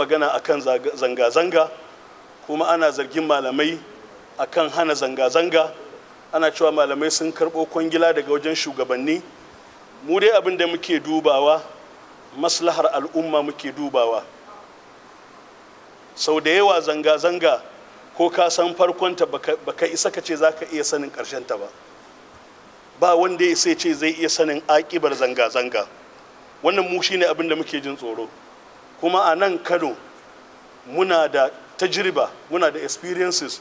magana akan zanga-zanga kuma ana zargin malamai akan hana zanga-zanga ana cewa malamai sun karɓo kwangila daga wajen shugabanni mu dai abin da muke dubawa maslahar al'umma muke dubawa sau da yawa zanga-zanga ko ka san farkonta baka isa ka ce za ka iya sanin ta ba ba wanda ya sai ce zai iya sanin aƙibar zanga-zanga wannan mu shine abin da muke jin tsoro kuma a nan kano muna da tajriba muna da experiences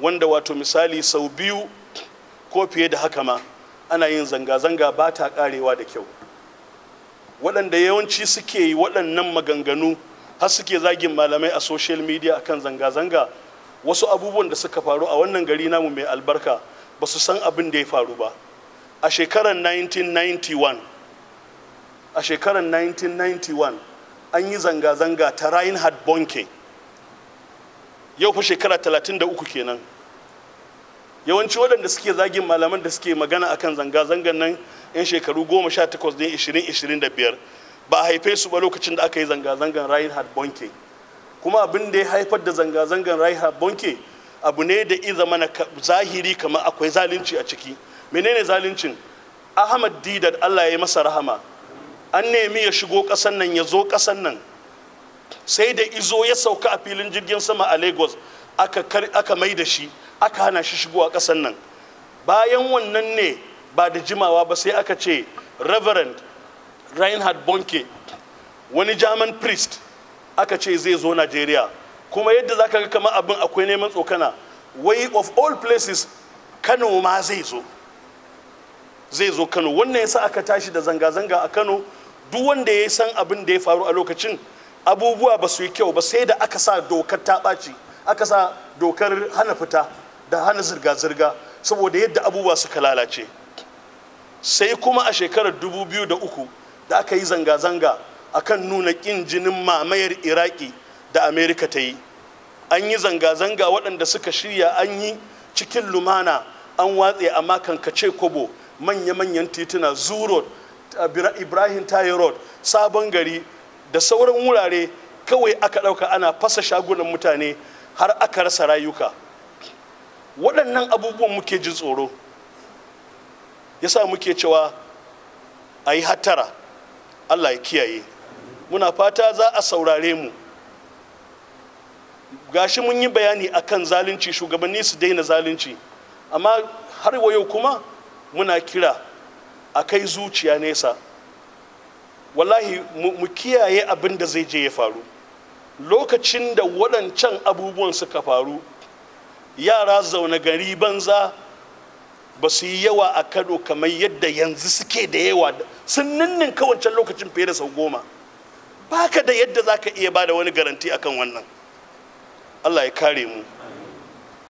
wanda wato misali sau biyu ko fiye da haka ma ana yin zanga-zanga ba ta karewa da kyau waɗanda yawanci suke yi waɗannan maganganu har suke zagin malamai a social media akan zanga-zanga wasu abubuwan da suka faru a wannan gari namu mai albarka ba su san abin da ya faru ba a shekarar 1991 a shekarar 1991 an yi zanga-zanga ta reinhard bonke yau fa shekara 33 kenan yawanci waɗanda suke zagin malaman da suke magana akan zanga-zangan nan 'yan shekaru 18 ne 20-25 ba a haife su ba lokacin da aka yi zanga-zangan reinhard bonke kuma abin da ya haifar da zanga-zangan reinhard bonke abu ne da iza mana zahiri kamar akwai zalunci a ciki menene zaluncin ahmad didad allah ya yi masa rahama an nemi ya shigo ƙasan nan ya zo kasan nan sai da izo ya sauka a filin jirgin sama a lagos aka mai da shi aka hana shi shigo a ƙasan nan bayan wannan ne ba da jimawa ba sai aka ce reverend reinhard bonke wani german priest aka ce zai zo nigeria kuma yadda za ka ga kama abin akwai neman tsokana way of all places kano ma zai zo zai zo kano wannan yasa aka tashi da zanga-zanga a kano duk wanda ya san abin da ya faru a lokacin abubuwa ba su yi kyau ba sai da aka sa dokar ta ɓaci aka sa dokar hana fita da hana zirga-zirga saboda yadda abubuwa suka lalace sai kuma a shekarar 2003 da aka yi zanga-zanga a kan nuna ƙin jinin mamayar iraki da amerika ta yi an yi zanga-zanga waɗanda suka shirya an yi cikin lumana an watse amma kace kobo manya-manyan tituna zoo road ibrahim tayi road sabon gari da sauran wurare kawai aka ɗauka ana fasa shagunan mutane har aka rasa rayuka waɗannan abubuwan muke jin tsoro ya sa muke cewa a yi hattara allah ya kiyaye muna fata za a saurare mu gashi mun yi bayani a kan zalunci shugabanni su daina zalunci amma har wayo kuma muna kira a kai zuciya nesa wallahi mu kiyaye abin da zai je ya faru lokacin da waɗancan abubuwan suka faru yara zaune gari banza ba su yi yawa a kano kamar yadda yanzu suke da yawa sun ninnin kawancan lokacin fiye da sau goma baka da yadda za ka iya ba da wani garanti akan wannan allah ya kare mu